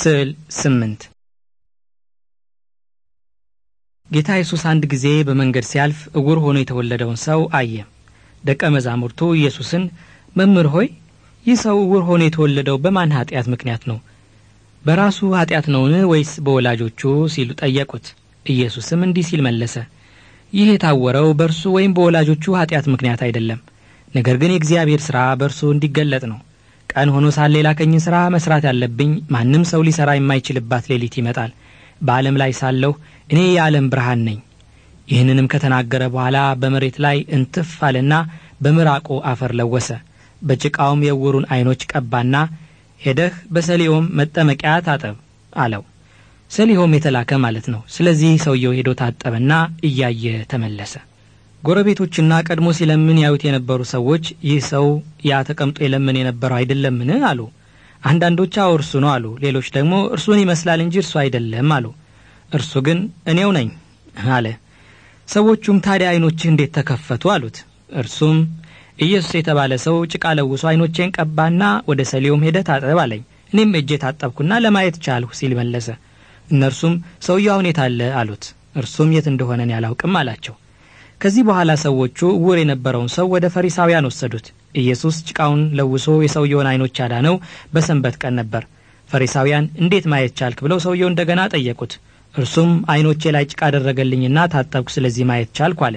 ስዕል ስምንት ጌታ ኢየሱስ አንድ ጊዜ በመንገድ ሲያልፍ እውር ሆኖ የተወለደውን ሰው አየ። ደቀ መዛሙርቱ ኢየሱስን መምህር ሆይ ይህ ሰው እውር ሆኖ የተወለደው በማን ኃጢአት ምክንያት ነው? በራሱ ኃጢአት ነውን ወይስ በወላጆቹ ሲሉ ጠየቁት። ኢየሱስም እንዲህ ሲል መለሰ። ይህ የታወረው በእርሱ ወይም በወላጆቹ ኃጢአት ምክንያት አይደለም፣ ነገር ግን የእግዚአብሔር ሥራ በእርሱ እንዲገለጥ ነው። ቀን ሆኖ ሳለ የላከኝን ሥራ መሥራት ያለብኝ ማንም ሰው ሊሠራ የማይችልባት ሌሊት ይመጣል። በዓለም ላይ ሳለሁ እኔ የዓለም ብርሃን ነኝ። ይህንንም ከተናገረ በኋላ በመሬት ላይ እንትፍ አለና በምራቆ አፈር ለወሰ። በጭቃውም የውሩን ዐይኖች ቀባና ሄደህ በሰሊሆም መጠመቂያ ታጠብ አለው። ሰሊሆም የተላከ ማለት ነው። ስለዚህ ሰውየው ሄዶ ታጠበና እያየ ተመለሰ። ጎረቤቶችና ቀድሞ ሲለምን ያዩት የነበሩ ሰዎች ይህ ሰው ያ ተቀምጦ የለምን የነበረው አይደለምን አሉ። አንዳንዶች አዎ እርሱ ነው አሉ። ሌሎች ደግሞ እርሱን ይመስላል እንጂ እርሱ አይደለም አሉ። እርሱ ግን እኔው ነኝ አለ። ሰዎቹም ታዲያ ዓይኖችህ እንዴት ተከፈቱ አሉት። እርሱም ኢየሱስ የተባለ ሰው ጭቃ ለውሶ ዓይኖቼን ቀባና ወደ ሰሊዮም ሄደ ታጠብ አለኝ። እኔም እጄ ታጠብኩና ለማየት ቻልሁ ሲል መለሰ። እነርሱም ሰውየው አሁን የት አለ አሉት። እርሱም የት እንደሆነን ያላውቅም አላቸው። ከዚህ በኋላ ሰዎቹ ውር የነበረውን ሰው ወደ ፈሪሳውያን ወሰዱት። ኢየሱስ ጭቃውን ለውሶ የሰውየውን ዓይኖች ያዳነው በሰንበት ቀን ነበር። ፈሪሳውያን እንዴት ማየት ቻልክ ብለው ሰውየው እንደገና ጠየቁት። እርሱም ዓይኖቼ ላይ ጭቃ አደረገልኝና ታጠብኩ፣ ስለዚህ ማየት ቻልኩ አለ።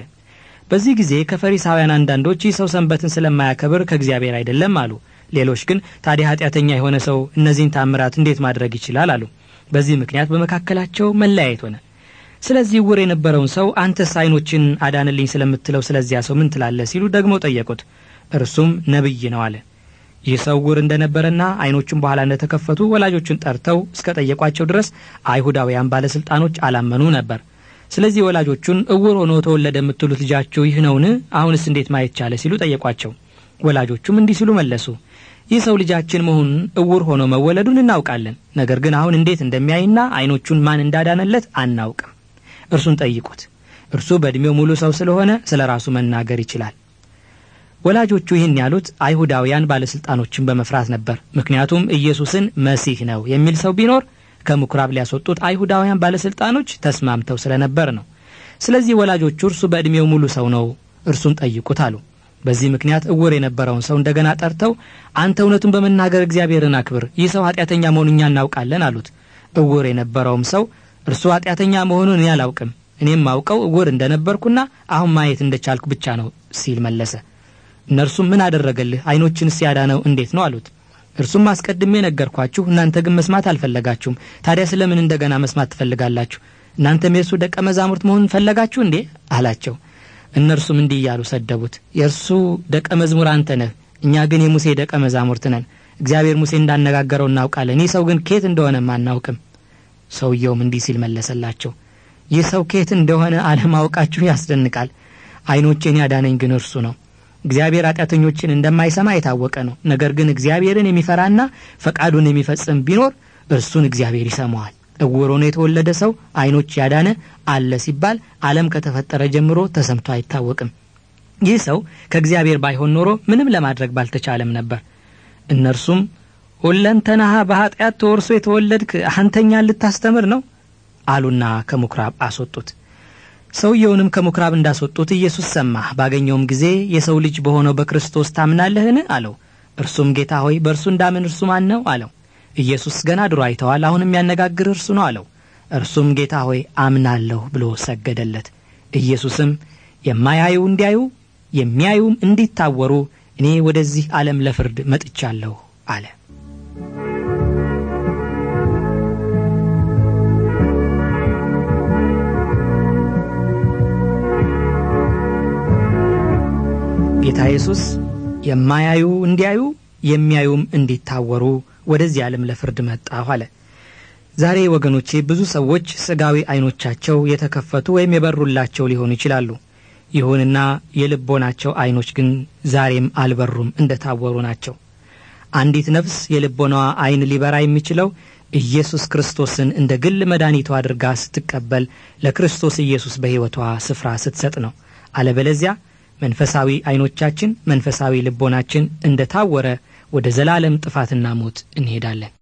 በዚህ ጊዜ ከፈሪሳውያን አንዳንዶች ይህ ሰው ሰንበትን ስለማያከብር ከእግዚአብሔር አይደለም አሉ። ሌሎች ግን ታዲያ ኃጢአተኛ የሆነ ሰው እነዚህን ታምራት እንዴት ማድረግ ይችላል አሉ። በዚህ ምክንያት በመካከላቸው መለያየት ሆነ። ስለዚህ ውር የነበረውን ሰው አንተስ አይኖችን አዳንልኝ ስለምትለው ስለዚያ ሰው ምን ትላለህ ሲሉ ደግሞ ጠየቁት። እርሱም ነቢይ ነው አለ። ይህ ሰው ውር እንደነበረና አይኖቹን በኋላ እንደተከፈቱ ወላጆቹን ጠርተው እስከ ጠየቋቸው ድረስ አይሁዳውያን ባለሥልጣኖች አላመኑ ነበር። ስለዚህ ወላጆቹን እውር ሆኖ ተወለደ የምትሉት ልጃችሁ ይህ ነውን? አሁንስ እንዴት ማየት ቻለ? ሲሉ ጠየቋቸው። ወላጆቹም እንዲህ ሲሉ መለሱ። ይህ ሰው ልጃችን መሆኑን እውር ሆኖ መወለዱን እናውቃለን። ነገር ግን አሁን እንዴት እንደሚያይና አይኖቹን ማን እንዳዳነለት አናውቅም። እርሱን ጠይቁት። እርሱ በዕድሜው ሙሉ ሰው ስለሆነ ስለ ራሱ መናገር ይችላል። ወላጆቹ ይህን ያሉት አይሁዳውያን ባለሥልጣኖችን በመፍራት ነበር። ምክንያቱም ኢየሱስን መሲህ ነው የሚል ሰው ቢኖር ከምኩራብ ሊያስወጡት አይሁዳውያን ባለሥልጣኖች ተስማምተው ስለነበር ነው። ስለዚህ ወላጆቹ እርሱ በዕድሜው ሙሉ ሰው ነው፣ እርሱን ጠይቁት አሉ። በዚህ ምክንያት እውር የነበረውን ሰው እንደገና ጠርተው አንተ እውነቱን በመናገር እግዚአብሔርን አክብር፣ ይህ ሰው ኃጢአተኛ መሆኑን እኛ እናውቃለን አሉት። እውር የነበረውም ሰው እርሱ ኃጢአተኛ መሆኑን እኔ አላውቅም እኔም አውቀው እውር እንደነበርኩና አሁን ማየት እንደቻልኩ ብቻ ነው ሲል መለሰ እነርሱም ምን አደረገልህ አይኖችን ሲያዳነው እንዴት ነው አሉት እርሱም አስቀድሜ ነገርኳችሁ እናንተ ግን መስማት አልፈለጋችሁም ታዲያ ስለምን እንደገና መስማት ትፈልጋላችሁ እናንተም የእርሱ ደቀ መዛሙርት መሆኑን ፈለጋችሁ እንዴ አላቸው እነርሱም እንዲህ እያሉ ሰደቡት የእርሱ ደቀ መዝሙር አንተ ነህ እኛ ግን የሙሴ ደቀ መዛሙርት ነን እግዚአብሔር ሙሴ እንዳነጋገረው እናውቃለን ይህ ሰው ግን ኬት እንደሆነም አናውቅም ሰውየውም እንዲህ ሲል መለሰላቸው ይህ ሰው ከየት እንደሆነ አለማወቃችሁ ያስደንቃል ዐይኖቼን ያዳነኝ ግን እርሱ ነው እግዚአብሔር ኃጢአተኞችን እንደማይሰማ የታወቀ ነው ነገር ግን እግዚአብሔርን የሚፈራና ፈቃዱን የሚፈጽም ቢኖር እርሱን እግዚአብሔር ይሰማዋል እውር ሆኖ የተወለደ ሰው አይኖች ያዳነ አለ ሲባል አለም ከተፈጠረ ጀምሮ ተሰምቶ አይታወቅም ይህ ሰው ከእግዚአብሔር ባይሆን ኖሮ ምንም ለማድረግ ባልተቻለም ነበር እነርሱም ሁለንተናሃ በኀጢአት ተወርሶ የተወለድክ አንተኛን ልታስተምር ነው አሉና ከምኵራብ አስወጡት ሰውየውንም ከምኵራብ እንዳስወጡት ኢየሱስ ሰማ ባገኘውም ጊዜ የሰው ልጅ በሆነው በክርስቶስ ታምናለህን አለው እርሱም ጌታ ሆይ በእርሱ እንዳምን እርሱ ማን ነው አለው ኢየሱስ ገና ድሮ አይተዋል አሁንም ያነጋግር እርሱ ነው አለው እርሱም ጌታ ሆይ አምናለሁ ብሎ ሰገደለት ኢየሱስም የማያዩ እንዲያዩ የሚያዩም እንዲታወሩ እኔ ወደዚህ ዓለም ለፍርድ መጥቻለሁ አለ ጌታ ኢየሱስ የማያዩ እንዲያዩ የሚያዩም እንዲታወሩ ወደዚህ ዓለም ለፍርድ መጣሁ አለ። ዛሬ ወገኖቼ ብዙ ሰዎች ስጋዊ አይኖቻቸው የተከፈቱ ወይም የበሩላቸው ሊሆኑ ይችላሉ። ይሁንና የልቦናቸው አይኖች ግን ዛሬም አልበሩም፣ እንደታወሩ ናቸው። አንዲት ነፍስ የልቦናዋ አይን ሊበራ የሚችለው ኢየሱስ ክርስቶስን እንደ ግል መድኃኒቷ አድርጋ ስትቀበል፣ ለክርስቶስ ኢየሱስ በሕይወቷ ስፍራ ስትሰጥ ነው። አለበለዚያ መንፈሳዊ አይኖቻችን፣ መንፈሳዊ ልቦናችን እንደታወረ ወደ ዘላለም ጥፋትና ሞት እንሄዳለን።